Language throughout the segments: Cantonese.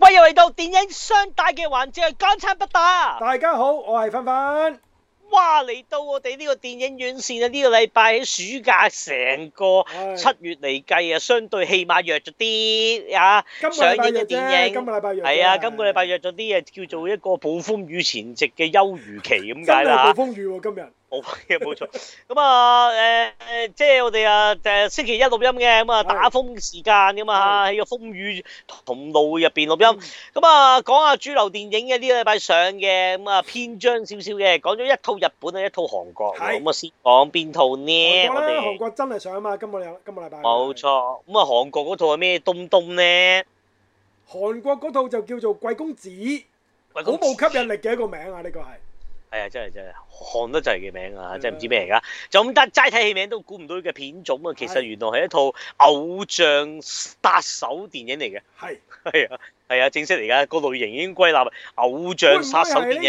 喂，又嚟到電影雙打嘅環節，港產不打。大家好，我係分分。哇，嚟到我哋呢個電影院線啊，呢、這個禮拜喺暑假成個七月嚟計啊，哎、相對起碼弱咗啲啊。上映嘅電影。今日禮拜日係啊，今日禮拜約咗啲嘢，叫做一個暴風雨前夕嘅休漁期咁解啦。暴 風雨、啊，今日。冇嘅，冇錯。咁啊，誒，即係我哋啊，誒，星期一錄音嘅，咁啊，打風時間噶嘛，喺個風雨同路入邊錄音。咁啊，講下主流電影嘅呢個禮拜上嘅，咁啊篇章少少嘅，講咗一套日本啊，一套韓國，咁啊先講邊套呢？韓國啦，韓國真係上啊嘛，今個禮，今個禮拜。冇錯，咁啊，韓國嗰套係咩東東呢？韓國嗰套就叫做《貴公子》，好冇吸引力嘅一個名啊，呢個係。係啊，真係真係，看得就係嘅名啊，真係唔知咩嚟噶。就咁得齋睇戲名都估唔到佢嘅片種啊。其實原來係一套偶像殺手電影嚟嘅。係係啊係啊，正式嚟噶，個類型已經歸納偶像殺手電影。咁咪呢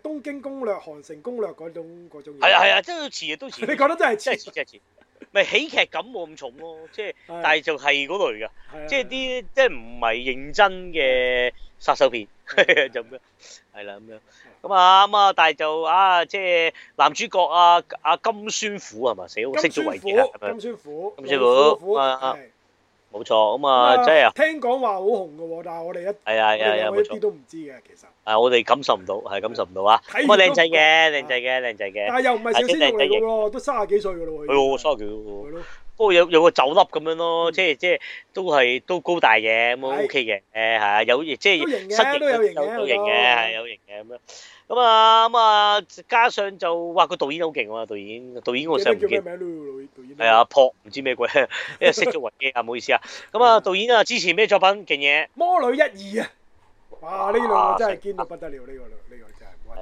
個《東京攻略》《韓城攻略》嗰種嗰種。係啊係啊，都似都似。你講得真係真係真咪喜劇感冇咁重咯，即係，但係就係嗰類㗎，即係啲即係唔係認真嘅殺手片，就咁樣，係啦咁樣，咁啊咁啊，但係就啊，即係男主角啊啊金宣虎係咪？死好，識咗為傑啦，金宣虎，金宣虎，啊。冇錯，咁啊真係啊！聽講話好紅㗎喎，但係我哋一係啊係啊，一啲都唔知嘅其實。誒，我哋感受唔到，係感受唔到啊！咁啊，靚仔嘅，靚仔嘅，靚仔嘅。但係又唔係神仙型，樣咯，都卅幾歲嘅咯喎。係喎，卅幾喎。不過有有個酒粒咁樣咯，即係即係都係都高大嘅，咁 OK 嘅誒係啊，有即係失型都都型嘅，係有型嘅咁樣。咁啊，咁啊，加上就哇，個導演好勁喎，導演，導演我想唔起，叫咩名咧？導演。係啊，扑，唔知咩鬼，因為熄咗為機啊，唔好意思啊。咁啊，導演啊，之前咩作品勁嘢？啊、魔女一、二啊！哇，呢兩真係堅到不得了，呢、啊、個。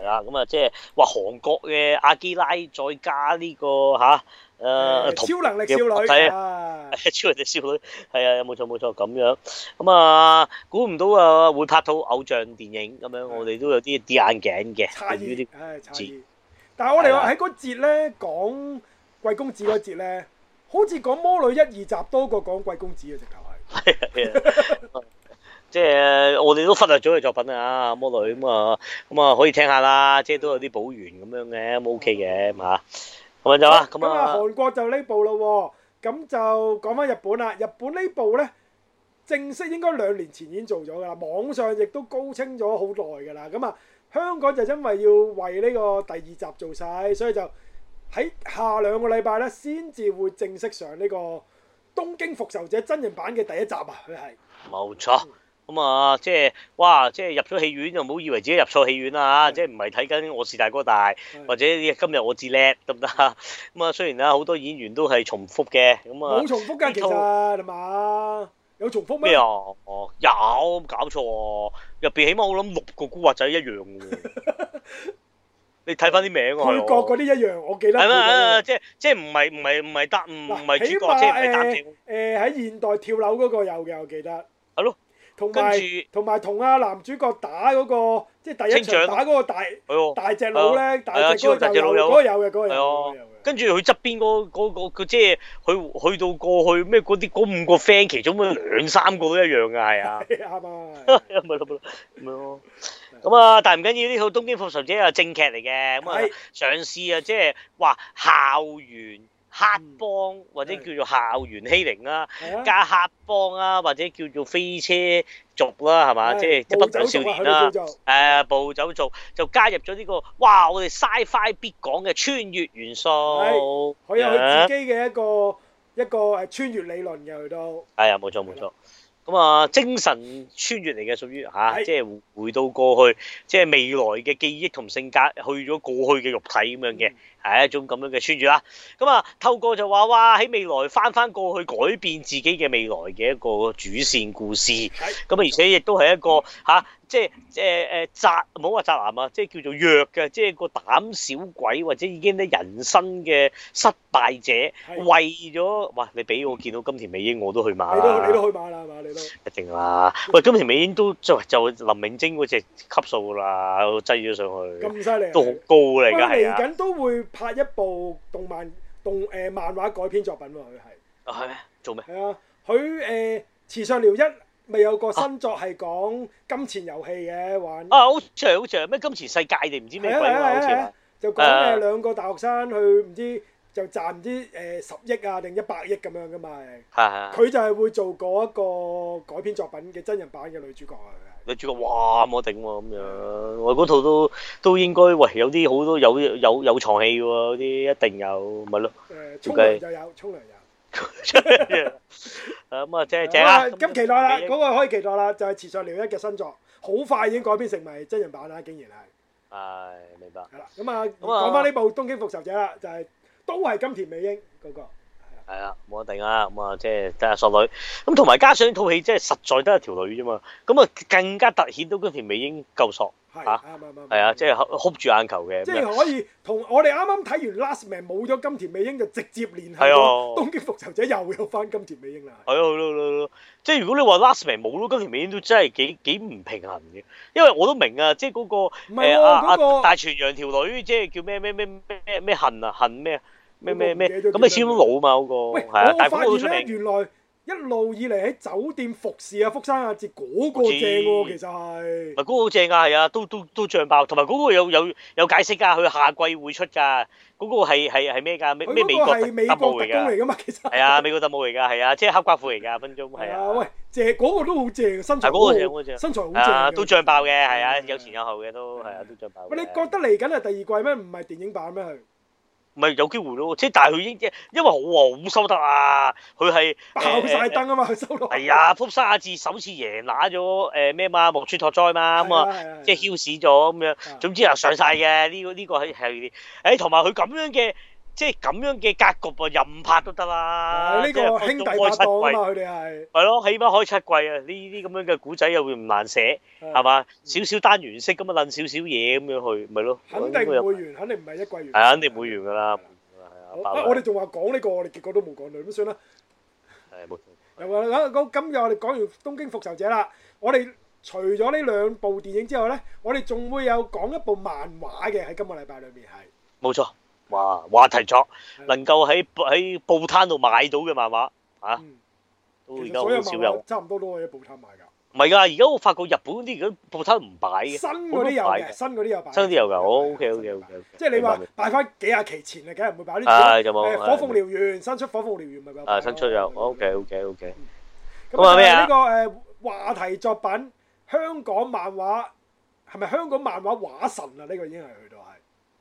係啦，咁啊，即係話韓國嘅阿基拉再加呢、呢個嚇，誒超能力少女啊，超能力少女係啊，冇 錯冇錯咁樣，咁啊，估唔到啊會拍到偶像電影咁樣，我哋都有啲啲眼鏡嘅意，但係我哋話喺嗰節咧講貴公子嗰節咧，啊、好似講魔女一二集多過講貴公子啊，直頭係。 即係我哋都忽略咗佢作品啊，《魔女》咁啊，咁啊可以聽下啦，即係都有啲補完咁樣嘅，咁 OK 嘅咁啊。咁啊，有啊，咁啊。咁啊，韓國就呢部咯，咁就講翻日本啦。日本呢部咧，正式應該兩年前已經做咗噶啦，網上亦都高清咗好耐噶啦。咁啊，香港就因為要為呢個第二集做晒，所以就喺下兩個禮拜咧先至會正式上呢個《東京復仇者》真人版嘅第一集啊。佢係冇錯。咁啊，即係哇，即係入咗戲院就唔好以為自己入錯戲院啦，即係唔係睇緊我是大哥大，或者今日我最叻得唔得？咁啊，雖然啦，好多演員都係重複嘅，咁啊，冇重複噶，其實係嘛？有重複咩？咩啊？哦，有搞錯喎！入邊起碼我諗六個古惑仔一樣嘅，你睇翻啲名啊！主角嗰啲一樣，我記得。係啦，係啦，即係即係唔係唔係唔係搭唔唔係主角，即係唔係搭橋。誒喺現代跳樓嗰個有嘅，我記得。係咯。同埋同埋同阿男主角打嗰、那個即係、就是、第一場打嗰個大掌大隻佬咧，大隻嗰個、啊、大隻佬有嘅，嗰個有嘅。跟住佢側邊嗰個佢即係去去到過去咩嗰啲嗰五個 friend，其中咁兩三個都一樣㗎係啊，係啊，唔係啦，咯。咁啊， 啊但係唔緊要呢套《 exactly, 東京復仇者》係正劇嚟嘅，咁啊 上市啊，即係話校園。黑幫或者叫做校園欺凌啦，的加黑幫啦，或者叫做飛車族啦，係嘛？的即係即係暴走少年啦。誒，暴走族就加入咗呢、呢個，哇！我哋 Sci-Fi 必講嘅穿越元素。佢有佢自己嘅一個的一個誒穿越理論嘅，佢都係啊，冇錯冇錯。咁啊，精神穿越嚟嘅，屬於吓，即係回到過去，即係未來嘅記憶同性格去咗過去嘅肉體咁樣嘅，係一種咁樣嘅穿越啦。咁啊，透過就話哇，喺未來翻翻過去，改變自己嘅未來嘅一個主線故事。咁啊，而且亦都係一個吓。啊即係誒誒宅，唔好話宅男啊！即係叫做弱嘅，即係個膽小鬼，或者已經咧人生嘅失敗者，為咗哇！你俾我見到金田美英，我都去買。你都你都去買啦，係嘛？你都一定啦！喂，金田美英都即係就林明禎嗰隻級數啦，擠咗上去。咁犀利！都好高嚟㗎係啊！嚟緊都會拍一部動漫動誒漫畫改編作品喎，佢係啊係咩？做咩？係啊！佢誒慈上聊一。咪有個新作係講金錢遊戲嘅，玩啊好長好長咩金錢世界定唔知咩鬼嘅好似話，就講咩兩個大學生去唔知就賺唔知誒十億啊定一百億咁樣㗎嘛，佢就係會做過一個改編作品嘅真人版嘅女主角啊，女主角哇冇頂喎咁樣，我嗰套都都應該喂有啲好多有有有床戲嘅喎，嗰啲一定有，咪囉，沖涼就有，沖涼有。咁啊，即係咁期待啦，嗰個可以期待啦，就係池上遼一嘅新作，好快已經改編成為真人版啦，竟然係，係、哎、明白，係啦、 嗯，咁、嗯、啊，講翻呢部《東京復仇者》啦、就是，就係都係金田美英嗰個。係啊，冇得定啊，咁啊，即係得阿索女，咁同埋加上套戲，即係實在得阿條女啫嘛，咁啊更加凸顯到金田美英夠索，吓係啊，即係 hold 住眼球嘅，即係可以同我哋啱啱睇完 Last Man 冇咗金田美英就直接聯繫啊。東京復仇者，又會有翻金田美英啦，係咯，即係如果你話 Last Man 冇咗金田美英都真係幾幾唔平衡嘅，因為我都明啊，即係嗰個係啊，大泉洋條女即係叫咩咩咩咩咩恨啊，恨咩啊？咩咩咩咁你超老嘛嗰個？喂，我發現咧，原來一路以嚟喺酒店服侍阿福山阿哲嗰個正喎，其實係。咪嗰個好正啊，係啊，都都都漲爆，同埋嗰個有有有解釋噶，佢下季會出噶。嗰個係係係咩噶？咩美國特特務嚟噶嘛？其實係啊，美國特務嚟噶，係啊，即係黑寡婦嚟噶，分鐘係啊。喂，謝嗰個都好正，身材好，身材好正，都漲爆嘅，係啊，有前有後嘅都係啊，都漲爆。喂，你覺得嚟緊係第二季咩？唔係電影版咩？佢？咪有機會咯，即係但係佢應即係，因為好、啊，好收得啊，佢係。爆曬啊嘛，佢收落嚟啊，復三亞戰首次贏拿咗誒咩嘛，莫穿托哉嘛咁啊，即係、啊。h e 咗咁樣，啊啊、總之上上啊上曬嘅呢個呢、這個係，係誒同埋佢咁樣嘅。即係咁樣嘅格局啊，任拍都得啦。呢個兄弟拍檔啊嘛，佢哋係係咯，起碼開七季啊！呢啲咁樣嘅古仔又會唔難寫，係嘛？少少單元式咁啊，捻少少嘢咁樣去，咪咯？肯定會完，肯定唔係一季完。係啊，肯定會完噶啦。啊，我哋仲話講呢個，我哋結果都冇講，咁算啦。係冇。又話講今日我哋講完《東京復仇者》啦，我哋除咗呢兩部電影之外咧，我哋仲會有講一部漫畫嘅喺今個禮拜裏面係。冇錯。哇，話題作能夠喺喺報攤度買到嘅漫畫啊，都而家好少有。差唔多都喺報攤買噶。唔係噶，而家我發覺日本啲而家報攤唔擺嘅。新嗰啲有嘅，新嗰啲又擺。新啲又噶，O K O K O K。即係你話擺翻幾廿期前啊，梗係唔會擺啲。係冇。火鳳燎原新出，火鳳燎原咪有。新出有，O K O K O K。咁話咩啊？呢個誒話題作品，香港漫畫係咪香港漫畫畫神啊？呢個已經係。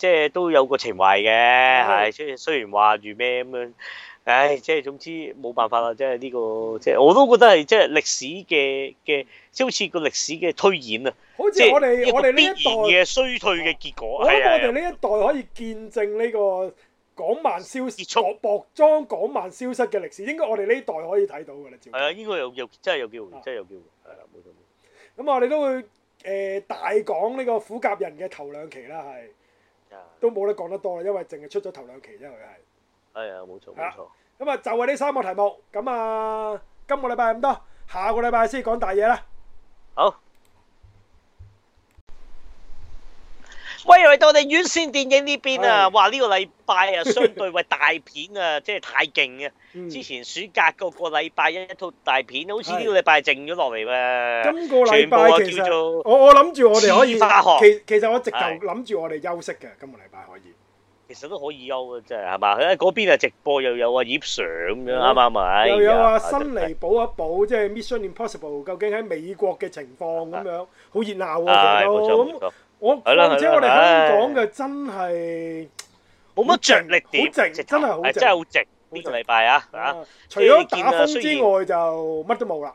即係都有個情懷嘅，係，雖雖然話住咩咁樣，唉，即係總之冇辦法啦。即係、這、呢個，即係我都覺得係即係歷史嘅嘅，即係好似個歷史嘅推演啊，好我即我哋呢一代嘅衰退嘅結果，我覺得我哋呢一代可以見證呢個港漫消失，熱衝 薄裝港漫消失嘅歷史，應該我哋呢代可以睇到㗎啦。照啊，應、這、該、個、有有真係有機會，真係有機會係啊，冇錯，咁我哋都會誒、呃、大講呢個虎甲人嘅頭兩期啦，係。都冇得講得多啦，因為淨係出咗頭兩期啫，佢係、哎。係啊，冇錯，冇錯。咁啊，就係呢三個題目。咁啊，今個禮拜咁多，下個禮拜先講大嘢啦。好。喂，嚟到我哋院線電影呢邊啊！哇，呢個禮拜啊，相對喂大片啊，即係太勁啊。之前暑假個個禮拜一一套大片，好似呢個禮拜靜咗落嚟喎。今個禮拜叫做我我諗住我哋可以。其實我直頭諗住我哋休息嘅，今個禮拜可以。其實都可以休嘅，真係係嘛？喺嗰邊啊，直播又有啊，葉 Sir 咁樣，啱唔啱啊？又有啊，新嚟補一補，即係 Mission Impossible，究竟喺美國嘅情況咁樣，好熱鬧喎，我，而且啦我哋香港嘅真係冇乜着力點，好直，真係好直，真係好直。呢個禮拜啊，係啊，啊，啊，啊，啊，啊，啊，除咗打風之外就乜都冇啦。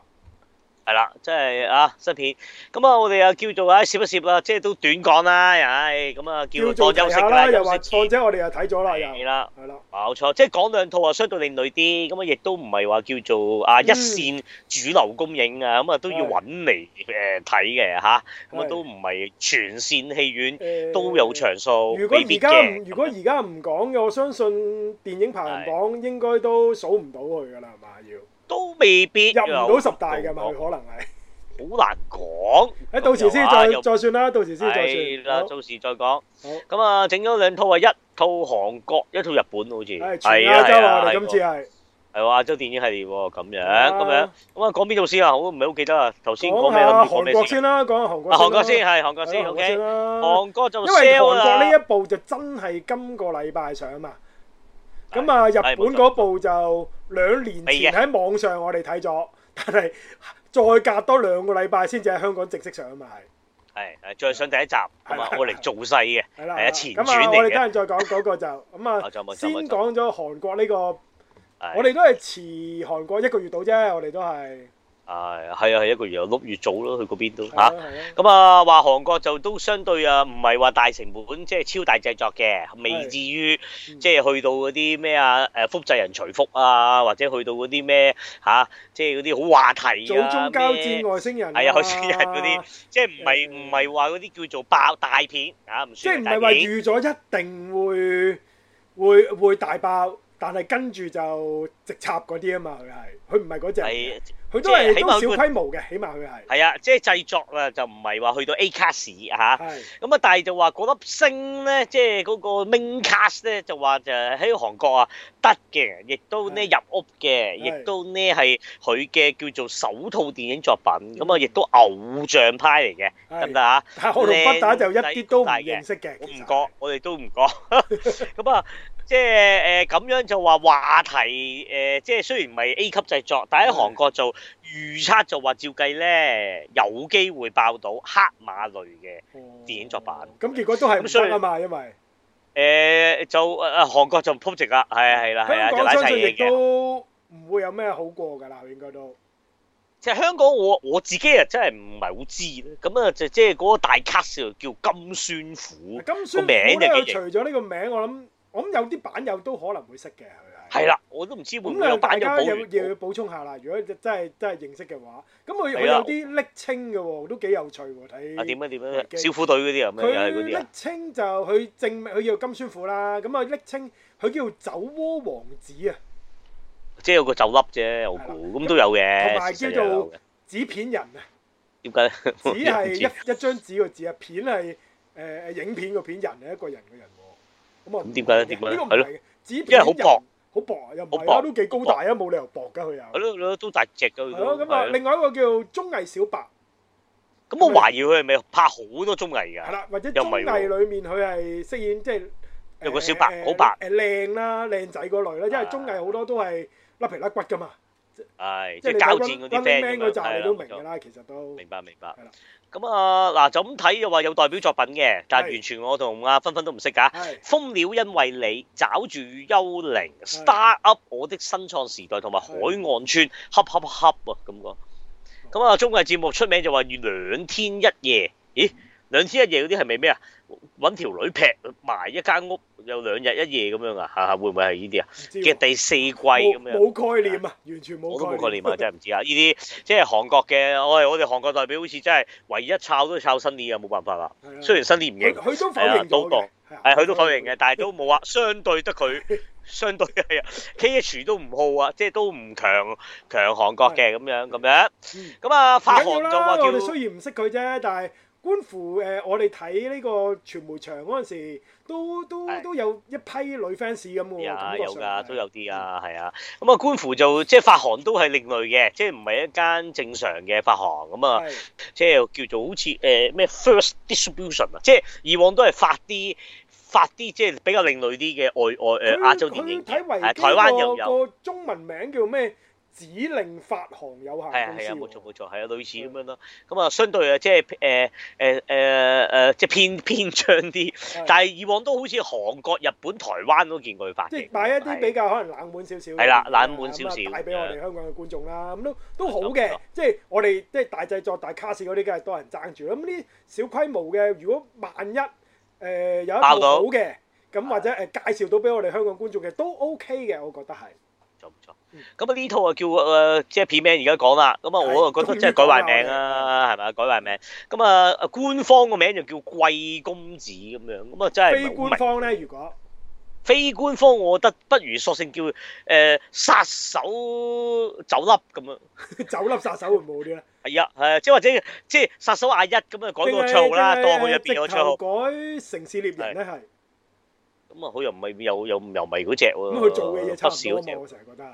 係啦，即係啊，新片咁啊，我哋又叫做啊，攝一攝啦，即係都短講啦，唉，咁啊，叫做休息啦，又或者我哋又睇咗啦，又係啦，係啦，冇錯，即係講兩套啊，相對另類啲，咁啊，亦都唔係話叫做啊一線主流供映啊，咁啊都要揾嚟誒睇嘅吓，咁啊都唔係全線戲院都有場數，如果而家唔，如果而家唔講嘅，我相信電影排行榜應該都數唔到佢噶啦，係嘛要。都未必入唔到十大嘅嘛，可能係好難講。你到時先再再算啦，到時先再算啦，到時再講。咁啊，整咗兩套啊，一套韓國，一套日本，好似係啊，係啊，係，係話亞洲電影系列喎，咁樣咁樣。咁啊，講邊套先啊？我唔係好記得啊。頭先講咩啊？韓國先啦，講韓國。韓國先係韓國先，韓國先啦。韓國就因為韓國呢一部就真係今個禮拜上嘛。咁啊、嗯，日本嗰部就兩年前喺網上我哋睇咗，但係再隔多兩個禮拜先至喺香港正式上啊嘛，係、嗯。係，誒，再上第一集啊嘛，我嚟做勢嘅，係啦，係一次。咁啊，我哋等陣再講嗰個就，咁啊，先講咗韓國呢、這個，我哋都係遲韓國一個月到啫，我哋都係。Uh, 啊，係啊，係一個月有碌月做咯，去嗰邊都嚇。咁啊，話、啊啊、韓國就都相對啊，唔係話大成本，即係超大製作嘅，未至於、啊、即係去到嗰啲咩啊，誒、啊、複製人徐福啊，或者去到嗰啲咩嚇，即係嗰啲好話題、啊、早中交戰外星人係啊、哎，外星人嗰啲，即係唔係唔係話嗰啲叫做爆大片啊，唔算唔係話預咗一定會會會,會大爆，但係跟住就直插嗰啲啊嘛，佢係佢唔係嗰隻。是佢都係都小規模嘅，起碼佢係。係啊，即係製作啊，就唔係話去到 A 卡士嚇。係。咁啊，是但係就話嗰粒星咧，即係嗰個 Main Cast 咧，就話、是、就喺韓國啊，得嘅，亦都呢入屋嘅，亦是都呢係佢嘅叫做首套電影作品。咁啊是，亦、嗯、都偶像派嚟嘅，得唔得啊？我同不打就一啲都唔認識嘅。我唔覺，我哋都唔覺。咁啊！即係誒，咁、呃、樣就話話題誒，即、呃、係雖然唔係 A 級製作，但喺韓國做預測就話的照計咧有機會爆到黑馬類嘅電影作品。咁、嗯嗯嗯、結果都係咁樣啊嘛，因為誒、呃、就誒，韓、呃呃、國就扑直啦，係啊係啦，係啊就拉晒嘢嘅。亦都唔會有咩好過噶啦，應該都。其實香港我香港我，我自己啊，真係唔係好知。咁啊就即係嗰個大卡 a s 叫金酸虎」金酸，金名就又有除咗呢個名，我諗。咁有啲版友都可能會識嘅佢係。係啦，我都唔知。咁啊，而家要要補充下啦，如果真係真係認識嘅話，咁佢佢有啲拎清嘅喎，都幾有趣喎。誒、啊，啊點啊點啊，小虎隊嗰啲有咩啊？佢拎看麼清就佢證明佢叫金宣虎啦。咁啊拎清，佢叫做酒窩王子啊。即係有個酒粒啫，我估咁都有嘅。同埋叫做紙片人啊。點解？紙係一 一張紙個字啊，片係誒誒影片個片，人係一個人嘅人，個人。咁點解咧？點解咧？係咯，因為好薄，好薄啊！又唔係話都幾高大啊，冇理由薄噶佢又。係咯，都大隻噶佢都。係咯，咁啊，另外一個叫綜藝小白。咁我懷疑佢係咪拍好多綜藝㗎？係啦，或者綜藝裡面佢係飾演即係。有個小白，好白。誒靚啦，靚仔嗰類啦，因為綜藝好多都係甩皮甩骨噶嘛。係，即係交戰嗰啲 friend 嗰集，你都明㗎啦。其實都明白，明白。咁啊，嗱、嗯、就咁睇又話有代表作品嘅，但係完全我同阿芬芬都唔識㗎。蜂鳥因為你找住幽靈，start up 我的新創時代同埋海岸村恰恰恰咁講。咁啊、嗯嗯，綜藝節目出名就話要兩天一夜，咦？兩天一夜嗰啲係咪咩啊？揾條女劈埋一間屋，有兩日一夜咁樣啊！嚇嚇，會唔會係呢啲啊？即係第四季咁樣，冇概念啊，完全冇概念啊，真係唔知啊！呢啲即係韓國嘅，我哋我哋韓國代表，好似真係唯一抄都抄 Sunny 啊，冇辦法啦。雖然 Sunny 唔認，佢都否認，都講，係佢都否認嘅，但係都冇啊。相對得佢，相對係啊。K H 都唔好啊，即係都唔強強韓國嘅咁樣咁樣。咁啊，發韓咗，我哋雖然唔識佢啫，但係。官符誒，我哋睇呢個傳媒場嗰陣時，都都都有一批女 fans 咁有啊，有㗎，都有啲啊，係啊。咁啊，官符就即係發行都係另類嘅，即係唔係一間正常嘅發行咁啊。即係叫做好似誒咩 First Distribution 啊，即係以往都係發啲發啲即係比較另類啲嘅外外誒亞洲電影。佢佢睇維基，台灣又有個中文名叫咩？指令發行有限公，係啊係啊，冇錯冇錯，係啊，類似咁樣咯。咁啊的，相對啊，即係誒誒誒誒，即係偏偏長啲。的但係以往都好似韓國、日本、台灣都見過佢發。即係買一啲比較可能冷門少少。係啦，冷門少少。的帶俾我哋香港嘅觀眾啦，咁都都好嘅。即係我哋即係大製作、大卡士嗰啲，梗係多人爭住咁啲小規模嘅，如果萬一誒、呃、有一好嘅，咁到或者誒介紹到俾我哋香港觀眾嘅都 OK 嘅，我覺得係。咁啊，呢套啊叫誒，即係片名而家講啦。咁啊，我就覺得即係改壞名啦，係咪啊？改壞名。咁啊，官方個名就叫貴公子咁樣。咁啊，真係非官方咧。如果非官方，我覺得不如索性叫誒殺手走粒咁樣。走粒殺手會唔會好啲咧？係啊，係啊，即係或者即係殺手阿一咁啊，改個綽號啦，當佢入邊個綽號改《城市獵人》咧，係。咁啊，佢又唔係又又唔係嗰隻喎，咁佢做嘅嘢差唔多，我成日覺得係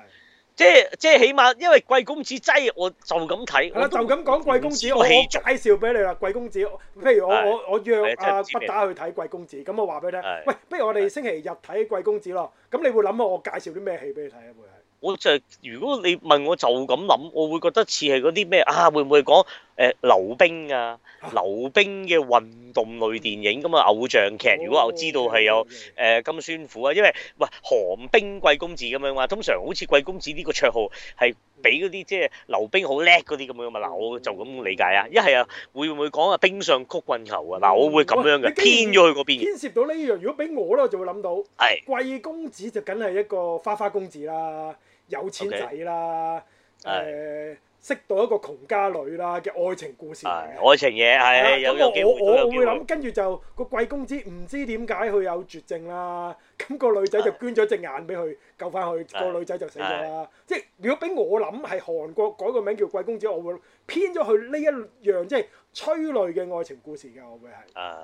即即起碼，因為貴公子劑，我就咁睇。我就咁講貴公子，我我介紹俾你啦。貴公子，譬如我的我我約阿、啊、北打去睇貴公子，咁我話俾你聽，的喂，不如我哋星期日睇貴公子咯。咁你會諗下我介紹啲咩戲俾你睇啊？會係我就係如果你問我就咁諗，我會覺得似係嗰啲咩啊？會唔會講？誒溜冰啊，溜冰嘅運動類電影咁啊，偶像劇。如果我知道係有誒、呃、金宣虎啊，因為喂，滑、呃、冰貴公子咁樣嘛，通常好似貴公子呢個綽號係俾嗰啲即係溜冰好叻嗰啲咁樣嘛。嗱，我就咁理解啊。一係啊，會唔會講啊冰上曲棍球啊？嗱、嗯，我會咁樣嘅，偏咗去嗰邊。牽涉到呢樣，如果俾我咧，我就會諗到，是貴公子就梗係一個花花公子啦，有錢仔啦，誒 okay,、哎。識到一個窮家女啦嘅愛情故事，愛情嘢係有有機會都有機會。咁我我會諗，跟住就個貴公子唔知點解佢有絕症啦，咁個女仔就捐咗隻眼俾佢救翻佢，個女仔就死咗啦。即係如果俾我諗係韓國改個名叫貴公子，我會偏咗佢呢一樣即係催淚嘅愛情故事嘅，我會係。唉，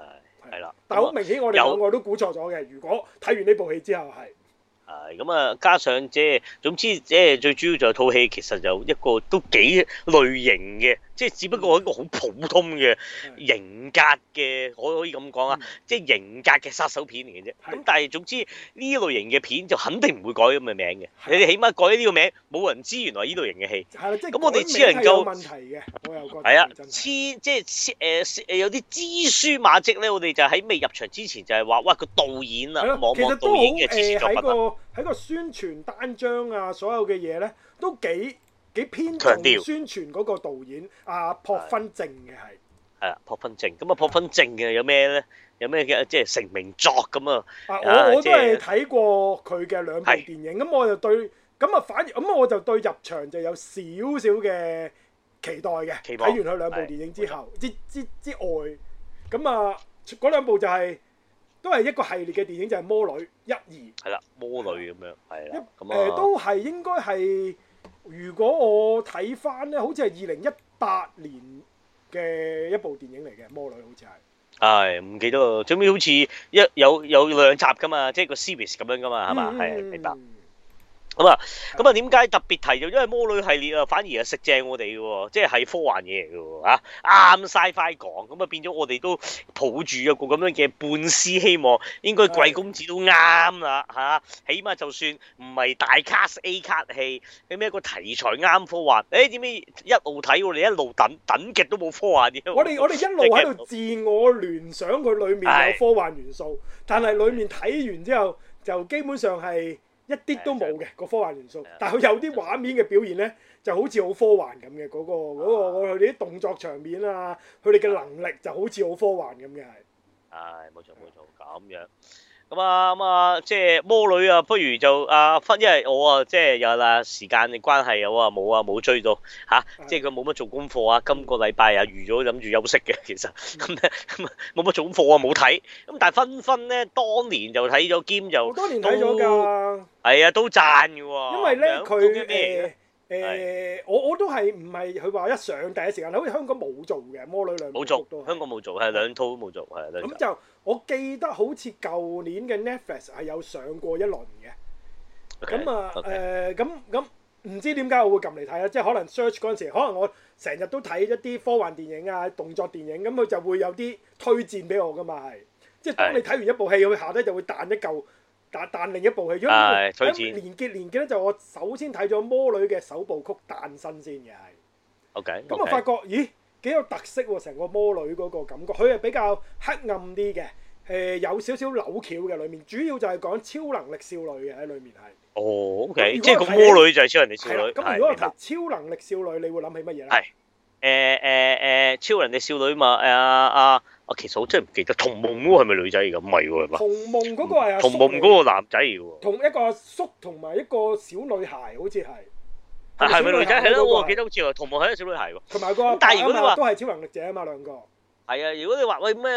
係啦。但係好明顯，我哋兩個都估錯咗嘅。如果睇完呢部戲之後係。係，咁啊、嗯，加上即係，總之即係最主要就係套戲其實就一個都幾類型嘅，即係只不過一個好普通嘅、嗯、型格嘅，可可以咁講啊！嗯、即係型格嘅殺手片嚟嘅啫。咁是的 但係總之呢類型嘅片就肯定唔會改咁嘅名嘅。是的 你哋起碼改呢個名，冇人知原來呢類型嘅戲。咁我哋只能夠問題係啦。黐的即係誒誒，有啲蛛絲馬跡咧。我哋就喺未入場之前就係話，嘩，個導演啊，望望導演嘅之前就不。喺、呃、個喺個宣傳單張啊，所有嘅嘢咧都幾。幾偏強調宣傳嗰個導演阿朴芬正嘅係，係啊朴芬正。咁啊朴芬正嘅有咩咧？有咩嘅即係成名作咁啊？啊我我都係睇過佢嘅兩部電影，咁我就對咁啊反而咁我就對入場就有少少嘅期待嘅。睇完佢兩部電影之後，之之之外，咁啊嗰兩部就係都係一個系列嘅電影，就係魔女一、二。係啦，魔女咁樣係啦，誒都係應該係。如果我睇翻咧，好似係二零一八年嘅一部電影嚟嘅，《魔女》好似係，係唔記得啊？最尾好似一有有兩集噶嘛，即係個 series 咁樣噶嘛，係嘛、嗯？係明白。咁啊，咁啊、嗯，點解特別提就因為魔女系列啊，反而係食正我哋嘅，即係科幻嘢嚟嘅喎嚇，啱晒快講，咁啊變咗我哋都抱住一個咁樣嘅半絲希望，應該貴公子都啱啦嚇、啊，起碼就算唔係大 cast A 卡戲，點咩個題材啱科幻？誒點解一路睇我哋一路等，等極都冇科幻嘅。啊、我哋們 我哋一路喺度自我聯想，佢裏面有科幻元素， 是 但係裏面睇完之後就基本上係。一啲都冇嘅個科幻元素， 但係佢有啲畫面嘅表現咧，就好似好科幻咁嘅，嗰個嗰個佢哋啲動作場面啊，佢哋嘅能力就好似好科幻咁嘅係。唉，冇錯冇錯，咁樣。哎咁啊咁啊，即係魔女啊，不如就阿芬、啊，因為我啊，即係有啦，時間嘅關係啊，我啊冇啊冇追到嚇、啊，即係佢冇乜做功課啊，今個禮拜啊預咗諗住休息嘅，其實咁咧咁啊冇乜做功課啊，冇睇，咁但係芬芬咧當年就睇咗兼就，當年睇咗㗎，係啊都讚嘅喎，因為咧佢。誒、嗯是的，我我都係唔係佢話一上第一時間，好似香港冇做嘅魔女兩冇做到香港冇做係兩套都冇做係。咁就、嗯、我記得好似舊年嘅 Netflix 係有上過一輪嘅。咁啊誒，咁咁唔知點解我會撳嚟睇啊？即係可能 search 嗰陣時，可能我成日都睇一啲科幻電影啊、動作電影，咁佢就會有啲推薦俾我㗎嘛，係。即係當你睇完一部戲，佢的下低就會彈一嚿。但但另一部戲，因為咁連結連結咧，就我首先睇咗魔女嘅首部曲誕生先嘅係。O K。咁我發覺，咦幾有特色喎！成個魔女嗰個感覺，佢係比較黑暗啲嘅，誒有少少扭橋嘅裏面，主要就係講超能力少女喺裏面係。哦，O K，即係個魔女就係超能力少女。咁如果提超能力少女，你會諗起乜嘢咧？係誒誒誒，超能力少女嘛，啊啊！啊，其實我真係唔記得，童夢喎係咪女仔嚟㗎？唔係喎，童夢嗰個係童夢嗰個男仔喎，同一個阿叔同埋一個小女孩好似係，係咪女仔係咯？我記得好似童夢係一個小女孩喎，同埋個咁。但係如果你話都係超能力者啊嘛，兩個係啊！如果你話喂咩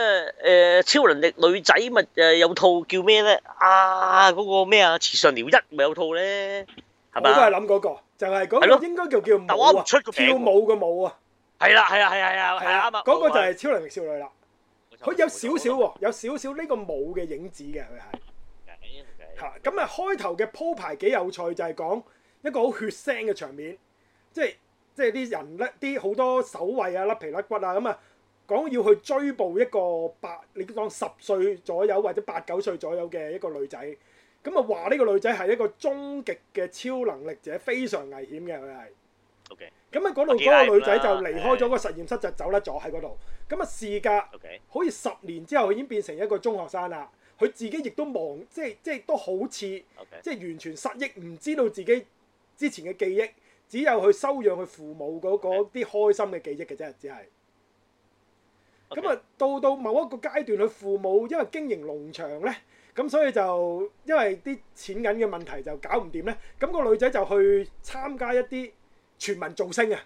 誒超能力女仔咪誒有套叫咩咧？啊嗰個咩啊？雌雄鳥一咪有套咧，係咪啊？我都係諗嗰個，就係嗰個應該叫叫舞啊，跳舞嘅舞啊，係啦係啦係係啊係啱啊！嗰個就係超能力少女啦。佢有少少喎，有少少呢個冇嘅影子嘅佢係，嚇咁啊開頭嘅鋪排幾有趣，就係、是、講一個好血腥嘅場面，即係即係啲人咧，啲好多守衞啊，甩皮甩骨啊，咁、嗯、啊講要去追捕一個八，你講十歲左右或者八九歲左右嘅一個女仔，咁啊話呢個女仔係一個終極嘅超能力者，非常危險嘅佢係。咁啊，嗰度嗰個女仔就離開咗個實驗室就，就走甩咗喺嗰度。咁啊，事隔好似十年之後，佢已經變成一個中學生啦。佢自己亦都忙，即係即係都好似即係完全失憶，唔知道自己之前嘅記憶，只有去收養佢父母嗰啲 Okay. 開心嘅記憶嘅啫，只係咁啊。Okay. 到到某一個階段，佢父母因為經營農場咧，咁所以就因為啲錢銀嘅問題就搞唔掂咧。咁、那個女仔就去參加一啲。全民造星啊！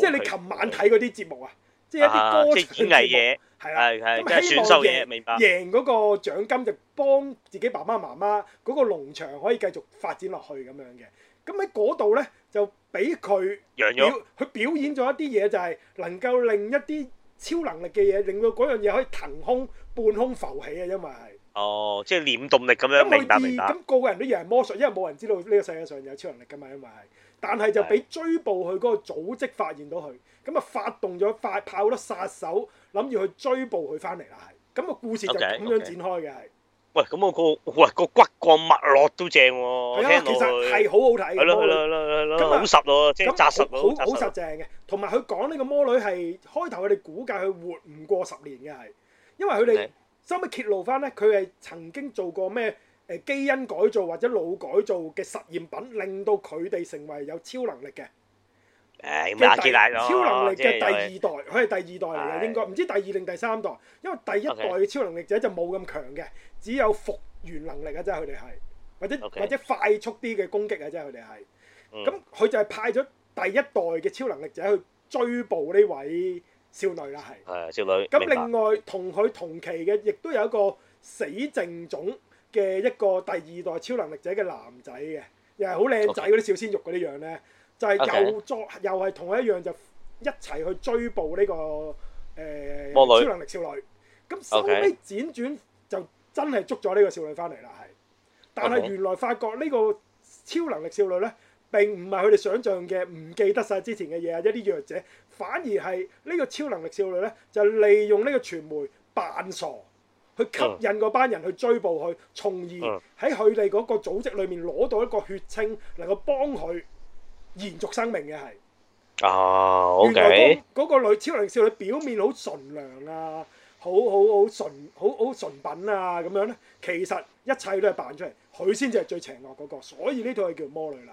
即係你琴晚睇嗰啲節目啊，即係一啲歌唱嘅節目，係啦，咁希望贏贏嗰個獎金就幫自己爸爸媽媽嗰個農場可以繼續發展落去咁樣嘅。咁喺嗰度呢，就俾佢佢表演咗一啲嘢，就係能夠令一啲超能力嘅嘢，令到嗰樣嘢可以騰空、半空浮起啊！因為係哦，即係念動力咁樣，明白明白。咁個個人都以為係魔術，因為冇人知道呢個世界上有超能力噶嘛，因為。但係就俾追捕，佢嗰個組織發現到佢，咁啊發動咗，發派好多殺手，諗住去追捕佢翻嚟啦，係，咁啊故事就咁樣展開嘅係。喂，咁我個喂個骨幹脈絡都正喎，啊，其實係好好睇，係咯係咯咯，好實喎，即扎實喎，好實正嘅。同埋佢講呢個魔女係開頭，佢哋估計佢活唔過十年嘅係，因為佢哋收尾揭露翻咧，佢係曾經做過咩？誒，基因改造或者腦改造嘅實驗品，令到佢哋成為有超能力嘅。誒、欸，的超能力嘅第二代，佢係、啊、第二代嚟嘅，的應該唔知第二定第三代。因為第一代嘅超能力者就冇咁強嘅，Okay. 只有復原能力啊，即係佢哋係，或者 Okay. 或者快速啲嘅攻擊啊，即係佢哋係。咁佢、嗯、就係派咗第一代嘅超能力者去追捕呢位少女啦，係。係少女。咁另外同佢同期嘅，亦都有一個死症種。嘅一個第二代超能力者嘅男仔嘅，又係好靚仔嗰啲小鮮肉嗰啲樣咧，Okay. 就係又作又係同一樣，就一齊去追捕呢、這個誒、呃、女超能力少女。咁收尾輾轉就真係捉咗呢個少女翻嚟啦，係，Okay. 但係原來發覺呢個超能力少女咧並唔係佢哋想象嘅唔記得晒之前嘅嘢啊一啲弱者，反而係呢個超能力少女咧就利用呢個傳媒扮傻。去吸引嗰班人、嗯、去追捕佢，從而喺佢哋嗰個組織裏面攞到一個血清，能夠幫佢延續生命嘅係。哦、啊，原來嗰、嗰個女、嗯嗰個、超能少女表面好純良啊，好好好純好好純品啊咁樣咧，其實一切都係扮出嚟，佢先至係最邪惡嗰、嗰個，所以呢套係叫魔女奶。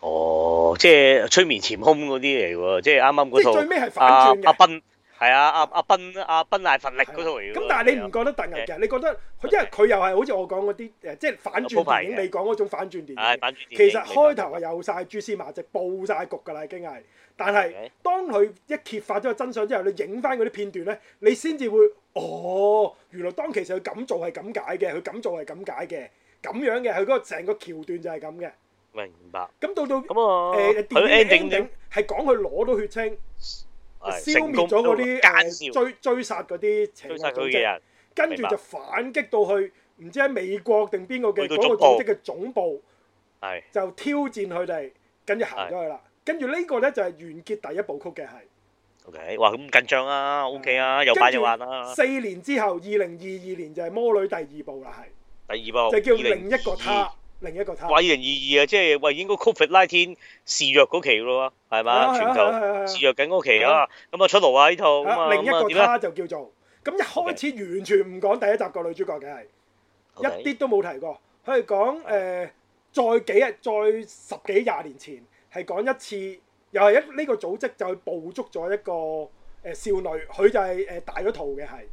哦，即係催眠潛空嗰啲嚟喎，即係啱啱嗰套。即係最尾係反轉嘅。啊係啊，阿阿斌阿斌大奮力嗰套嚟。咁但係你唔覺得突兀嘅？你覺得因為佢又係好似我講嗰啲誒，即係反轉電影，你講嗰種反轉電影。其實開頭係有晒蛛絲馬跡，布晒局噶啦，已經係。但係當佢一揭發咗個真相之後，你影翻嗰啲片段咧，你先至會哦，原來當其實佢咁做係咁解嘅，佢咁做係咁解嘅，咁樣嘅，佢嗰個成個橋段就係咁嘅。明白。咁到到誒，電影 ending 係講佢攞到血清。消滅咗嗰啲追追殺嗰啲邪惡組織人，跟住就反擊到去唔知喺美國定邊個嘅嗰個組織嘅總部，係就挑戰佢哋，跟住行咗去啦。跟住呢個咧就係完結第一部曲嘅係。OK，哇咁緊張啊，OK 啊，又快又滑啊。四年之後，二零二二年就係魔女第二部啦，係。第二部就叫另一個他。另一個卡，為二零二二啊，即係喂應該《Covid 19》肆虐嗰期咯，係嘛？全球肆虐緊嗰期啊，咁啊出爐啊，呢套另一個卡就叫做咁樣一開始完全唔講第一集個女主角嘅，Okay. 一啲都冇提過。佢係講誒再幾日、再十幾廿年前，係講一次，又係一呢個組織就去捕捉咗一個誒少女，佢就係誒大咗肚嘅係。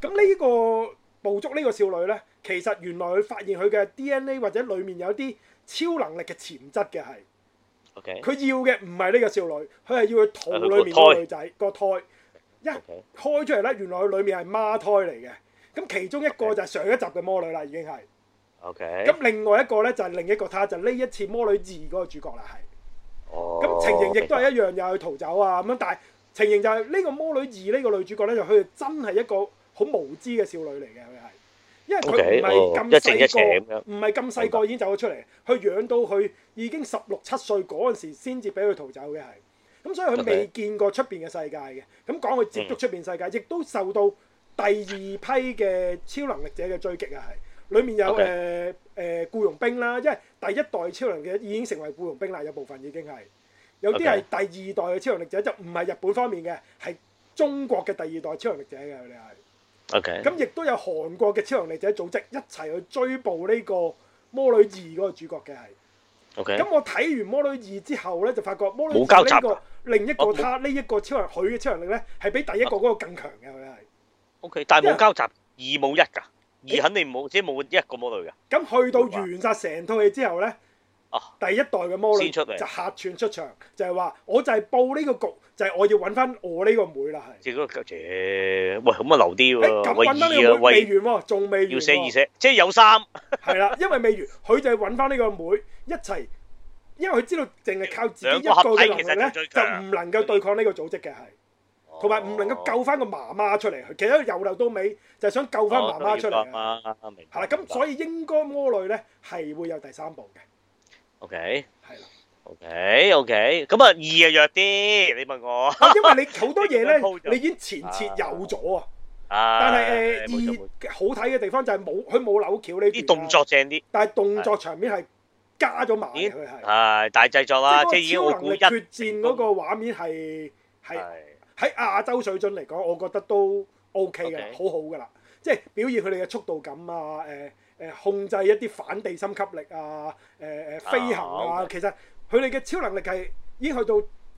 咁呢、這個。捕捉呢個少女呢，其實原來佢發現佢嘅 DNA 或者裡面有啲超能力嘅潛質嘅係。OK。佢要嘅唔係呢個少女，佢係要去肚裡面個女仔 Okay. 個胎，一開出嚟呢，原來佢裡面係孖胎嚟嘅。咁其中一個就係上一集嘅魔女啦，已經係。OK。咁另外一個呢，就係另一個胎，就係呢一次魔女二嗰個主角啦，係。哦。咁情形亦都係一樣，又去 okay. 逃走啊咁樣，但係情形就係呢個魔女二呢個女主角呢，就佢真係一個。好無知嘅少女嚟嘅佢係，因為佢唔係咁細個，唔係咁細個已經走咗出嚟。佢的養到佢已經十六七歲嗰陣時，先至俾佢逃走嘅係。咁所以佢未 Okay. 見過出邊嘅世界嘅。咁講佢接觸出邊世界，亦、嗯、都受到第二批嘅超能力者嘅追擊啊。係，裡面有誒誒 Okay.、呃呃、僱傭兵啦，因為第一代超能力者已經成為僱傭兵啦，有部分已經係有啲係第二代嘅超能力者，就唔係日本方面嘅，係中國嘅第二代超能力者嘅。佢哋係。咁亦都有韓國嘅超能力者組織，一齊去追捕呢個魔女二嗰個主角嘅係。咁 Okay. 我睇完魔女二之後咧，就發覺魔女冇交集。呢個另一個他呢一、啊、個超人佢嘅超能力咧，係比第一個嗰個更強嘅佢係。O、okay, K 但係冇交集，為二冇一㗎，二肯定冇即係冇一個魔女㗎。咁去到完曬成套戲之後咧，第一代嘅魔女就客串出場，就係話我就係佈呢個局，就係我要揾翻我呢個妹啦。只嗰個嘅嘢喂，咁啊留啲喎，未完喎，仲未完喎，要寫二寫即係有三係啦，因為未完，佢就係揾翻呢個妹一齊，因為佢知道淨係靠自己一個嘅能力咧，就唔能夠對抗呢個組織嘅係，同埋唔能夠救翻個媽媽出嚟。其實由頭到尾就係想救翻媽媽出嚟，係啦，咁所以應該魔女咧係會有第三部嘅。O K，係啦，O K O K，咁啊二啊弱啲，你問我，因為你好多嘢咧，你已經前設有咗啊，但係誒二好睇嘅地方就係冇佢冇扭橋呢啲動作正啲，但係動作場面係加咗埋嘅，佢係係大製作啦，即係超能力決戰嗰個畫面係係喺亞洲水準嚟講，我覺得都 O K 噶啦，好好噶啦，即係表現佢哋嘅速度感啊，誒。誒控制一啲反地心吸力啊！誒、啊、誒飛行啊！啊嗯、其實佢哋嘅超能力係已經去到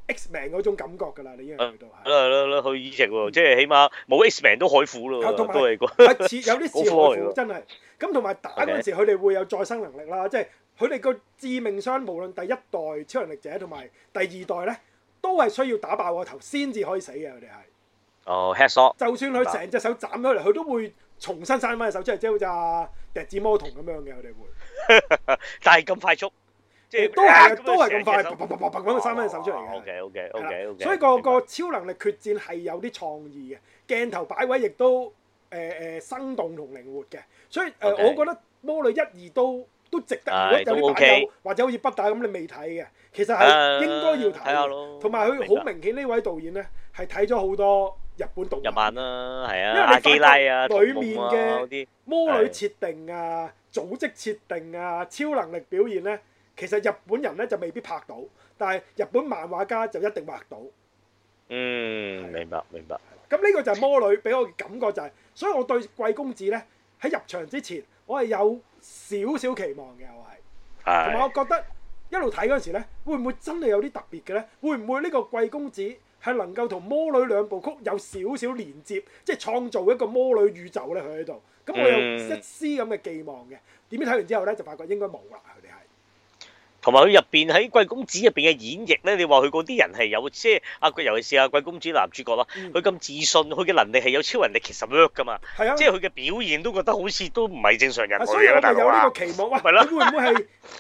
Xman 嗰種感覺㗎啦，已經去到係啦啦去二隻喎，即係起碼冇 Xman 都海虎咯，啊、都係、那個 有啲似海虎真係。咁同埋打嗰陣時，佢哋會有再生能力啦。Okay. 即係佢哋個致命傷，無論第一代超能力者同埋第二代咧，都係需要打爆個頭先至可以死嘅。佢哋係哦 headshot 就算佢成隻手斬咗嚟，佢都會重新生翻隻手，出嚟，即係好似《阿笛子魔童》咁樣嘅佢哋會，但係咁快速，即係都係都係咁快，啪啪啪啪咁樣生翻隻手出嚟嘅。O K O K O K 所以個個超能力決戰係有啲創意嘅，鏡頭擺位亦都誒誒生動同靈活嘅，所以誒我覺得魔女一二都都值得，有啲朋友或者好似不打咁你未睇嘅，其實係應該要睇，同埋佢好明顯呢位導演咧係睇咗好多。日本動漫啦，係啊，因為你翻到裏面嘅魔女設定啊、組織設定啊、超能力表現咧，其實日本人咧就未必拍到，但係日本漫畫家就一定畫到。嗯、啊明，明白明白。咁呢個就係魔女俾我嘅感覺就係、係，所以我對貴公子咧喺入場之前，我係有少少期望嘅，我係。同埋我覺得一路睇嗰陣時咧，會唔會真係有啲特別嘅咧？會唔會呢個貴公子？係能夠同《魔女》兩部曲有少少連接，即係創造一個魔女宇宙咧。佢喺度，咁我有一絲咁嘅寄望嘅。點知睇完之後咧，就發覺應該冇啦。佢哋係同埋佢入邊喺《貴公子》入邊嘅演繹咧。你話佢嗰啲人係有即係阿貴，尤其是阿貴公子男主角啦，佢咁自信，佢嘅能力係有超能力，其實 work 噶嘛。係啊，即係佢嘅表現都覺得好似都唔係正常人，所以我就有呢個期望啊，咪咯會唔會係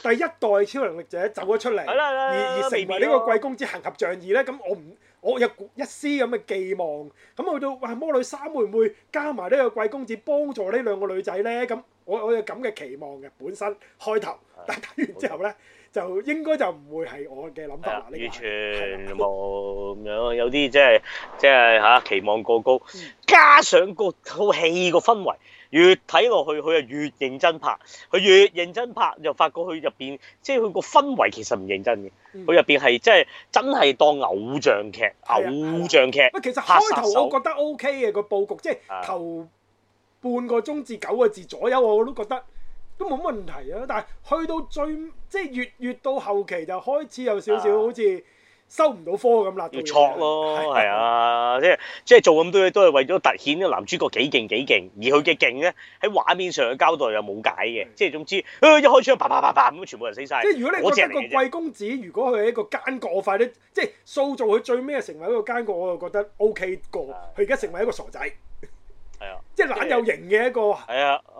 第一代超能力者走咗出嚟，而而成為呢個貴公子行俠仗義咧？咁我唔。我有一絲咁嘅寄望，咁去到哇魔女三會唔會加埋呢個貴公子幫助呢兩個女仔咧？咁我我有咁嘅期望嘅，本身開頭，的但睇完之後咧，的就應該就唔會係我嘅諗法啦。呢的、這個、完全冇咁樣，的有啲即係即係吓期望過高，嗯、加上個套戲個氛圍。越睇落去，佢就越認真拍。佢越認真拍，就發覺佢入邊，即係佢個氛圍其實唔認真嘅。佢入邊係即係真係當偶像劇，嗯、偶像劇。嗯、其實開頭我覺得 O K 嘅個佈局，嗯、即係頭半個鐘至九個字左右，我都覺得都冇乜問題啊。但係去到最即係越越到後期就開始有少少好似。嗯收唔到科咁啦，要挫咯，係啊的，即係即係做咁多嘢都係為咗凸顯呢個男主角幾勁幾勁，而佢嘅勁咧喺畫面上嘅交代又冇解嘅。即係的總之、哎，一開槍啪啪啪啪咁，全部人死晒。即係的如果你覺得一個貴公子， 如果佢係一個奸角犯咧，即係、就是、塑造佢最尾成為一個奸角，我就覺得 O、OK、K 過。佢而家成為一個傻仔。即係懶有型嘅一個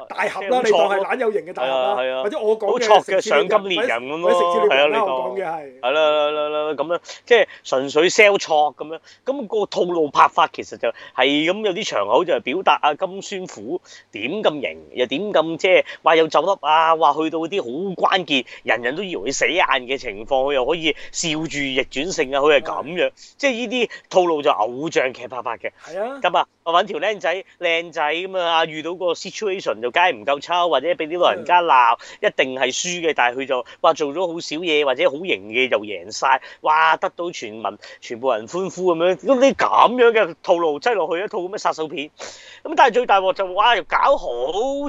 大俠啦，你當係懶有型嘅大俠啦，或者我講嘅好挫嘅賞金獵人咁咯，係啊，你講嘅係，係啦啦啦啦咁樣，即係純粹 sell 挫咁樣，咁個套路拍法其實就係咁，有啲場口就係表達阿金酸苦點咁型，又點咁即係話又就粒啊，話去到啲好關鍵，人人都以為佢死硬嘅情況，佢又可以笑住逆轉性。啊，佢係咁樣，即係呢啲套路就偶像劇拍法嘅，係啊，咁啊，我搵條靚仔靚仔咁啊！嗯、遇到個 situation 就梗係唔夠抽，或者俾啲老人家鬧，一定係輸嘅。但係佢就話做咗好少嘢，或者好型嘅就贏晒，哇！得到全民全部人歡呼咁樣，咁啲咁樣嘅套路擠落去一套咁嘅殺手片。咁但係最大鑊就哇又搞好，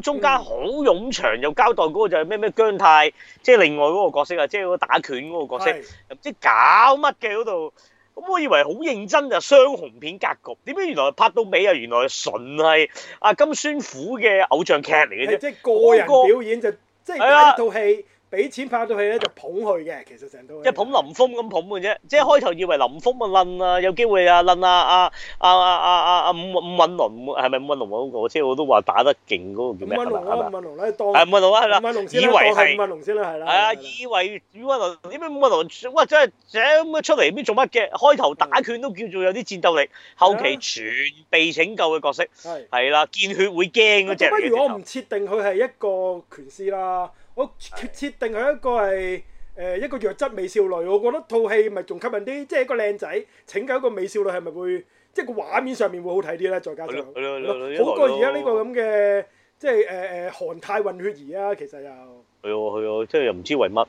中間好冗長又交代嗰個就係咩咩姜泰，即係另外嗰個角色啊，即係嗰打拳嗰個角色，即係搞乜嘅嗰度。我以為好認真嘅雙雄片格局，點解原來拍到尾？原來純係阿金宣虎嘅偶像劇嚟嘅啫，即個人表演個就即係一套戲。俾錢派到去咧就捧佢嘅，其實成套即捧林峯咁捧嘅啫，即開頭以為林峯啊撚啊有機會啊撚啊啊啊啊啊啊伍伍允龍，係咪伍允龍嗰個？即我都話打得勁嗰個叫咩？伍允龍啦，伍允龍啦，係伍允龍啦，係啦，以為係伍允龍先啦，係啦，係啊，以為伍允龍點解伍允龍哇真係咁嘅出嚟唔知做乜嘅？開頭打拳都叫做有啲戰鬥力，後期全被拯救嘅角色，係係啦，見血會驚嗰隻，不如我唔設定佢係一個拳師啦。我設定係一個係誒一個弱質美少女，我覺得套戲咪仲吸引啲，即係個靚仔拯救一個美少女係咪會即係個畫面上面會好睇啲咧？再加上，好過而家呢個咁嘅即係誒誒韓泰混血兒啊，其實又係喎係即係又唔知為乜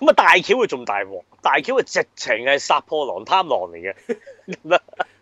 咁啊！大橋佢仲大鑊，大橋佢直情係殺破狼貪狼嚟嘅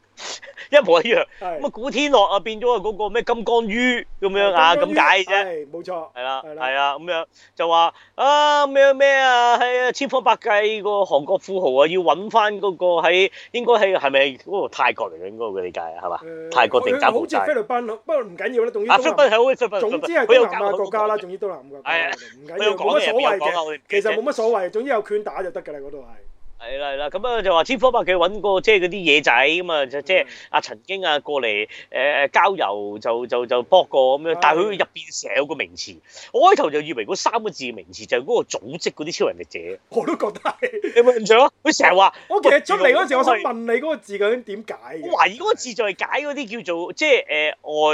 一模一樣，咁啊古天樂啊變咗嗰個咩金剛魚咁樣啊咁解啫。冇錯，係啦，係啊，咁樣就話啊咩咩啊，係啊，千方百計個韓國富豪啊要揾翻嗰個喺應該係係咪嗰個泰國嚟嘅應該我理解啊，係嘛，泰國定柬埔寨，好似菲律賓咯，不過唔緊要啦，總之都係總之係東南亞國家啦，總之都係東南亞國家，唔緊要，冇乜所謂嘅，其實冇乜所謂，總之有拳打就得㗎啦，嗰度係。係啦，係啦，咁啊就話千方百計揾個即係嗰啲嘢仔咁啊，即係阿曾經啊過嚟誒誒郊遊就就就博過咁樣，但係佢入邊成日有個名詞，我開頭就以為嗰三個字名詞就係嗰個組織嗰啲超人力者，我都覺得係， 有冇印象？咯？佢成日話，我其實出嚟嗰時，我，我想問你嗰個字究竟點解？我，是我懷疑嗰個字就係解嗰啲叫做即係誒、呃、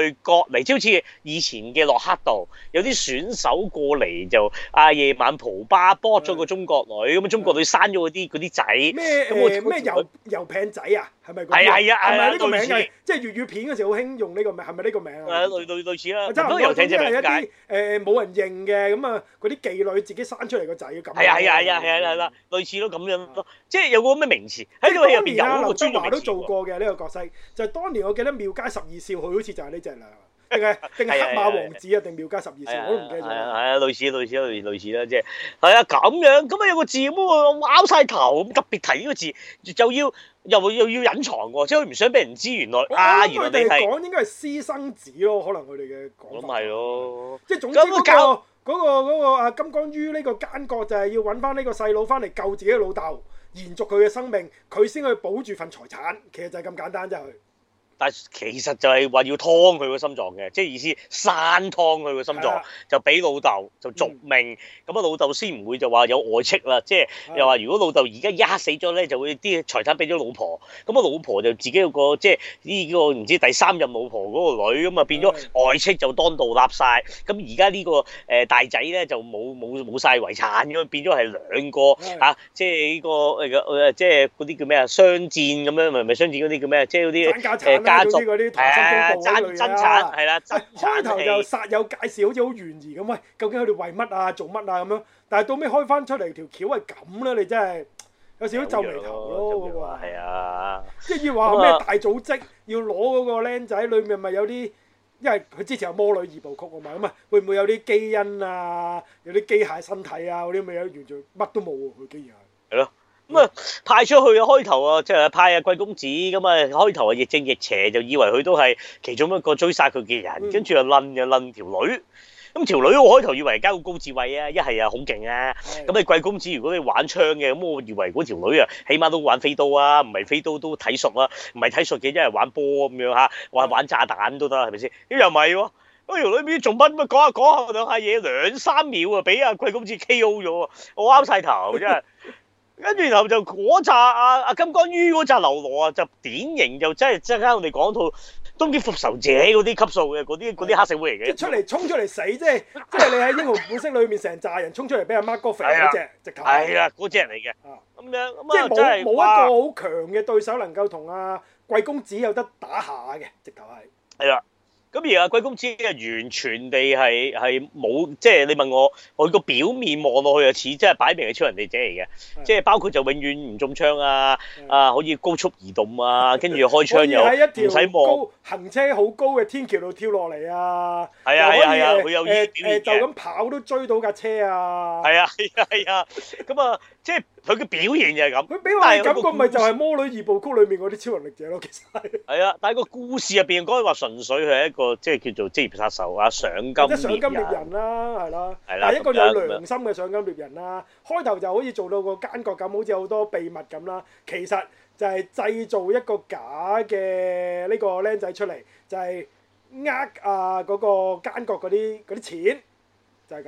外國嚟，即好似以前嘅洛克道有啲選手過嚟就阿夜晚蒲吧博咗個中國女咁中國女生咗啲嗰啲。咩咩 adv od oczywiście 二 börjar、嗯、油油餅仔啊，係咪？係係啊，係咪呢個名啊？即係粵語片嗰時好興用呢個名，係咪呢個名啊？啊，類類類似啦，都有啲誒冇人認嘅，咁啊，嗰啲妓女自己生出嚟個仔咁。係啊係啊係啊係啦，類似咯咁樣即係有個咩名詞喺呢入邊有，劉、啊、德華都做過嘅呢、呢個角色，就係、當年我記得廟街十二少佢好似就係呢隻啦。定係定係黑馬王子啊，定廟街十二少、啊、我都唔記得咗、啊。係啊，類似類似類似啦，即係係啊咁樣，咁啊有個字喎，我拗曬頭，特別提呢個字，就要又又要隱藏喎，即係佢唔想俾人知原來啊，原來你係講應該係私生子咯，可能佢哋嘅講。咁係咯，即係總之嗰、嗰個嗰阿、嗰個嗰個、金剛於呢個奸角，就係要揾翻呢個細佬翻嚟救自己老豆，延續佢嘅生命，佢先可以保住份財產。其實就係咁簡單就係。但係其實就係話要劏佢個心臟嘅，即係意思散劏佢個心臟，嗯、就俾老豆就續命，咁啊、嗯、老豆先唔會就話有外戚啦，即係又話如果老豆而家一死咗咧，就會啲財產俾咗老婆，咁啊老婆就自己有個即係、這、呢個唔知第三任老婆嗰個女，咁啊變咗外戚就當道立晒。咁而家呢個誒大仔咧就冇冇冇曬遺產咁，變咗係兩個嚇，即係呢個誒即係嗰啲叫咩啊？商戰咁樣，咪咪商戰嗰啲叫咩啊？即係嗰啲講啲啲溏心風暴嗰類嘢啊，係啦，開頭就煞有介事，好似好懸疑咁。喂，究竟佢哋為乜啊，做乜啊咁樣？但係到尾開翻出嚟條橋係咁啦，你真係有少少皺眉頭咯。係啊，即係要話咩大組織要攞嗰個僆仔，裡面咪有啲，因為佢之前有魔女二部曲啊嘛，咁啊會唔會有啲基因啊，有啲機械身體啊嗰啲咁嘅嘢，是是完全乜都冇啊，佢竟然係。係咯。咁啊，派出去啊，開頭啊，即係派阿貴公子咁啊，開頭啊，亦正亦邪，就以為佢都係其中一個追殺佢嘅人，跟住啊，撚啊，撚條女，咁條女我開頭以為交個高智慧啊，一係啊，好勁啊，咁你貴公子如果你玩槍嘅，咁我以為嗰條女啊，起碼都玩飛刀啊，唔係飛刀都睇熟啊，唔係睇熟嘅，一係玩波咁樣嚇，或係玩炸彈都得啊，係咪先？咁又唔係喎，嗰條女邊做乜乜講下講下兩下嘢，兩三秒啊，俾阿貴公子 K.O. 咗喎，我啱晒頭真係。 跟住然後就嗰紮阿阿金剛於嗰紮流羅啊，就典型又真係即刻我哋講套《東京復仇者》嗰啲級數嘅嗰啲啲黑社會嚟嘅。即的出嚟衝出嚟死，即係即係你喺英雄本色裏面成扎人衝出嚟俾阿 Mark 孖哥肥嗰隻，的直頭係。係啦，嗰隻人嚟嘅。咁的、嗯、樣咁啊，即係冇冇一個好強嘅對手能夠同阿、啊、貴公子有得打下嘅，直頭係。係啦。咁而家，貴公子係完全地係係冇，即係你問我，我個表面望落去啊，似即係擺明係超人哋者嚟嘅，即係包括就永遠唔中槍啊，啊可以高速移動啊，跟住開槍又一唔使望，行車好高嘅天橋度跳落嚟啊，係啊係啊，佢有呢啲誒誒就咁跑都追到架車啊，係啊係啊係啊，咁啊即係。佢嘅表現就係咁，佢俾我感覺咪就係魔女二部曲裏面嗰啲超能力者囉，其實係，係啊，但係個故事入邊可以話純粹係一個即係叫做職業殺手啊，賞金獵人啦，係啦，但係一個有良心嘅賞金獵人啦，開頭就好似做到個奸角咁，好似有好多秘密咁啦，其實就係製造一個假嘅呢個僆仔出嚟，就係呃啊嗰個奸角嗰啲嗰啲錢。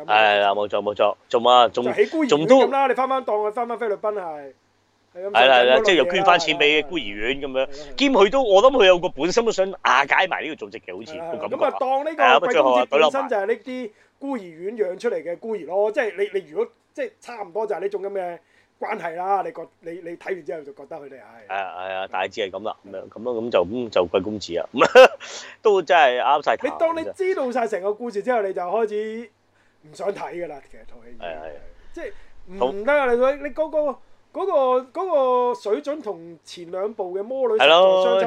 係啦，冇錯冇錯，仲啊，仲起孤兒院仲都咁啦，你翻返檔啊，翻返菲律賓係，係啦，即係又捐翻錢俾孤兒院咁樣，兼佢都我諗佢有個本心都想瓦解埋呢個組織嘅，好似咁啊。咁啊，當呢個貴公子本身就係呢啲孤兒院養出嚟嘅孤兒咯，即係你你如果即係差唔多就係呢種咁嘅關係啦。你覺你你睇完之後就覺得佢哋係。係啊係啊，大致係咁啦，咁樣咁樣咁就咁就貴公子啊，都真係啱晒。你當你知道晒成個故事之後，你就開始。唔想睇㗎啦，其實套戲，即係唔得啊！你你嗰個嗰個嗰個水準同前兩部嘅魔女相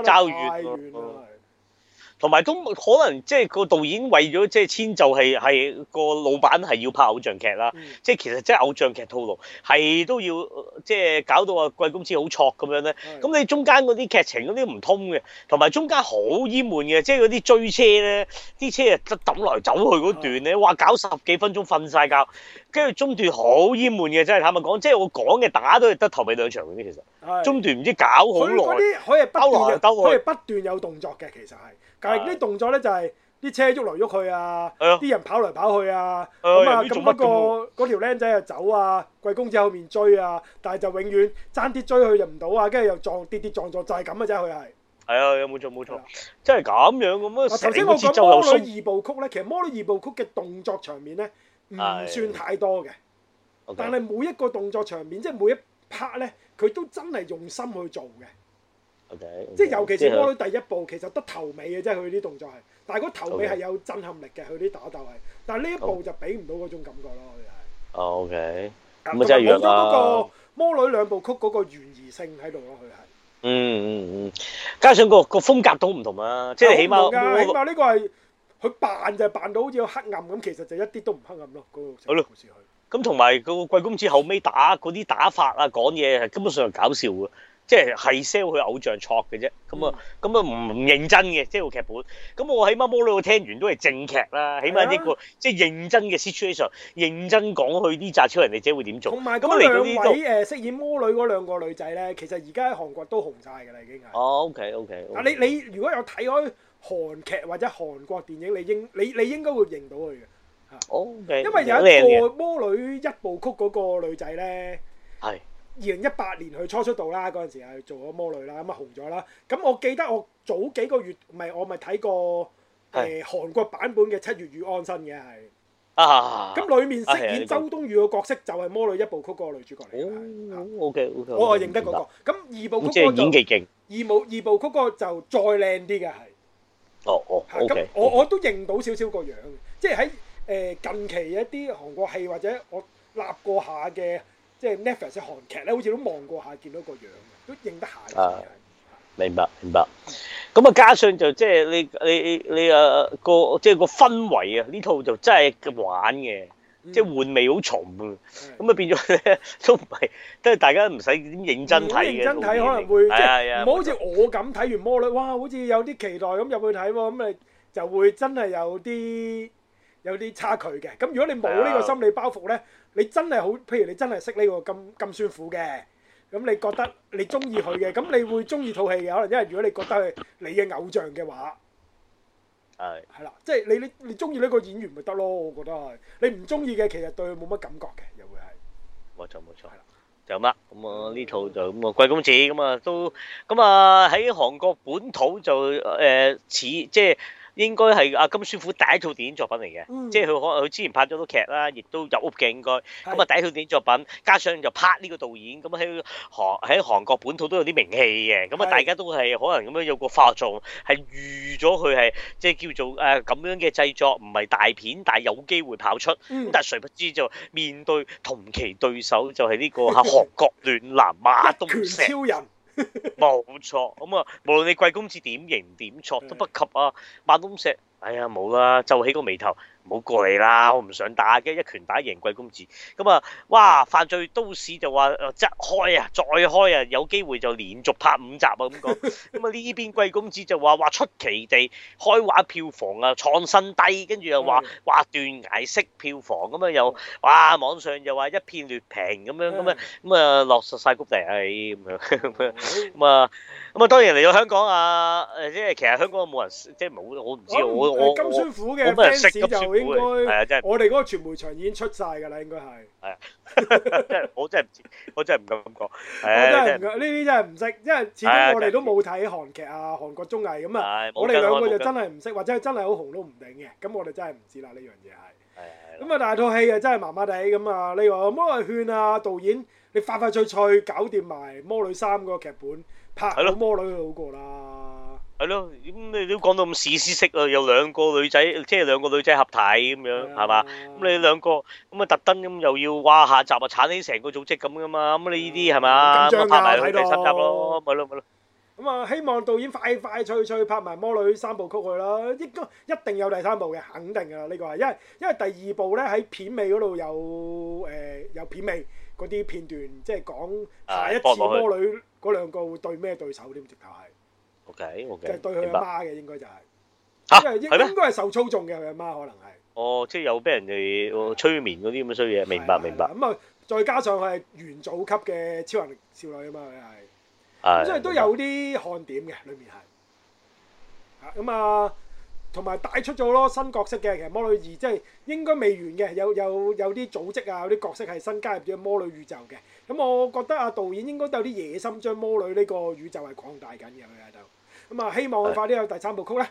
差太遠啦。同埋都可能即係個導演為咗即係遷就係係個老闆，係要拍偶像劇啦，即係其實即係偶像劇套路，係都要即係搞到話貴公子好挫咁樣咧。咁你中間嗰啲劇情嗰啲唔通嘅，同埋中間好翳悶嘅，即係嗰啲追車咧，啲車啊揼來走去嗰段咧，哇搞十幾分鐘瞓晒覺。跟住中段好閹悶嘅，真係坦白講，即係我講嘅打都係得頭尾兩場嘅啫。其實中段唔知搞好耐。啲可以兜來兜去，佢係不斷有動作嘅，其實係。但係啲動作咧就係啲車喐嚟喐去啊，啲人跑嚟跑去啊。咁啊，做乜過嗰條僆仔又走啊，貴公子後面追啊，但係就永遠爭啲追佢就唔到啊，跟住又撞跌跌撞撞，就係咁嘅啫。佢係。係啊，有冇錯？冇錯。真係咁樣咁啊！頭先我講《魔女二部曲》咧，其實《魔女二部曲》嘅動作場面咧，唔算太多嘅，但係每一個動作場面，即係每一 part 咧，佢都真係用心去做嘅。OK，即係尤其是魔女第一部，其實得頭尾嘅啫，佢啲動作係，但係嗰頭尾係有震撼力嘅，佢啲打鬥係。但係呢一部就俾唔到嗰種感覺咯，佢係。OK，咁啊真係唔一樣啦。講咗嗰個魔女兩部曲嗰個懸疑性喺度咯，佢係。嗯嗯嗯，加上個個風格都唔同啦，即係起碼起碼呢個係。佢扮就扮到好似好黑暗咁，其實就一啲都唔黑暗咯。好咯的，咁同埋個貴公子後尾打嗰啲打法啊，講嘢根本上係搞笑嘅，即係係 sell 佢偶像 chok 嘅啫。咁啊，咁啊唔唔認真嘅，嗯、即係個劇本。咁我起碼魔女我聽完都係正劇啦，啊、起碼呢、呢個即係、就是、認真嘅 situation，認真講佢啲砸超人你自己會點做。同埋咁啊，兩位誒都飾演魔女嗰兩個女仔咧，其實而家喺韓國都紅晒㗎啦，已經係。哦、啊、OK，OK、okay, okay, okay, okay. 你你如果有睇開韓劇或者韓國電影，你應你你應該會認到佢嘅嚇，因為有一個魔女一部曲嗰個女仔咧，係二零一八年佢初出道啦，嗰陣時係做咗魔女啦，咁啊紅咗啦。咁我記得我早幾個月，唔係我咪睇過誒韓國版本嘅《七月與安生》嘅係，咁裡面飾演周冬雨個角色就係魔女一部曲嗰個女主角嚟嘅。O K O K，我係認得嗰個。咁二部曲就演技勁，二舞二部曲嗰就再靚啲嘅係。哦哦，咁我、oh, okay, okay. 我都認到少少個樣，即係喺誒近期一啲韓國戲或者我立過下嘅，即係 Netflix 韓劇咧，好似都望過下，見到個樣，都認得下。啊，啊明，明白明白。咁啊，嗯，加上就即係你呢呢個即係個氛圍啊，呢套就真係咁玩嘅。即係換味好重啊！咁啊變咗咧都唔係，都係大家唔使點認真睇嘅。唔好認真睇可能會，即係唔好好似我咁睇完《魔女》哇，好似有啲期待咁入去睇喎，咁啊就會真係有啲有啲差距嘅。咁如果你冇呢個心理包袱咧，你真係好，譬如你真係識呢個咁咁酸苦嘅，咁你覺得你中意佢嘅，咁你會中意套戲嘅，可能因為如果你覺得佢係你嘅偶像嘅話。係，係啦，即係你你你中意呢個演員咪得咯，我覺得係，你唔中意嘅其實對佢冇乜感覺嘅，又會係，冇錯冇錯，係啦，就咁啦，咁啊呢套就咁啊，貴公子咁啊都，咁啊喺韓國本土就誒似即係。應該係金宣虎第一套電影作品嚟嘅，嗯、即係佢可能佢之前拍咗多劇啦，亦都入屋嘅應該。咁啊是，第一套電影作品，加上就拍呢個導演，咁喺韓喺韓國本土都有啲名氣嘅，咁啊是大家都係可能咁樣有個化作，係預咗佢係即係叫做誒咁、呃、樣嘅製作，唔係大片，但係有機會跑出。咁、嗯、但係誰不知就面對同期對手就係呢個韓國暖男馬東石。 冇 錯，咁啊，無論你貴公子點型點錯都不及啊，馬東石。哎呀，冇啦！皺起個眉頭，唔好過嚟啦！我唔想打嘅，一拳打贏貴公子。咁啊，哇！犯罪都市就話誒，即、呃、開啊，再開啊，有機會就連續拍五集啊咁講。咁啊，呢邊貴公子就話話出奇地開畫票房啊，創新低，跟住又話話的斷崖式票房咁啊，又哇！網上又話一片劣評咁樣，咁啊咁啊，落實晒谷底，咁樣，咁啊咁啊，啊當然嚟到香港啊誒，即係其實香港冇人，即係冇，我唔知我。金宣虎嘅 fans 就應該，我哋嗰個傳媒場已經出晒㗎啦，應該係。係啊是的，即 係我真係唔知，我真係唔敢咁講。我真係唔呢啲真係唔識，因為始終我哋都冇睇韓劇啊、韓國綜藝咁啊。的我哋兩個就真係唔識，識，或者真係好紅都唔定嘅。咁我哋真係唔知啦，呢樣嘢係。係係。咁啊，大套戲啊真係麻麻地咁啊！你話魔女圈啊，導演你快快脆脆搞掂埋魔女三個劇本，拍個魔女好過啦。係咯，咁你都講到咁史詩式啊！有兩個女仔，即係兩個女仔合體咁樣，係嘛？咁你兩個咁啊，特登咁又要哇下集啊，鏟起成個組織咁噶嘛？咁你呢啲係嘛？緊張噶，拍埋第三集咯，咪咯咪咯。咁啊，希望導演快快脆脆拍埋魔女三部曲去啦！應該一定有第三部嘅，肯定噶啦呢個，係因為因為第二部咧喺片尾嗰度有誒有片尾嗰啲片段，即係講下一次魔女嗰兩個會對咩對手？點直頭係。O K，我嘅，就係對佢阿媽嘅應該就係，嚇，係咩？應該係受操縱嘅，佢阿媽可能係。哦，即係有俾人哋催眠嗰啲咁嘅衰嘢，明唔明白？明白。咁啊，再加上佢係元祖級嘅超能力少女啊嘛，佢係，所以都有啲看點嘅，裡面係。嚇，咁啊，同埋帶出咗好多新角色嘅，其實魔女二即係應該未完嘅，有有有啲組織啊，有啲角色係新加入咗魔女宇宙嘅。咁我覺得啊，導演應該都有啲野心，將魔女呢個宇宙係擴大緊嘅，佢喺度。咁啊，希望佢快啲去第三部曲咧。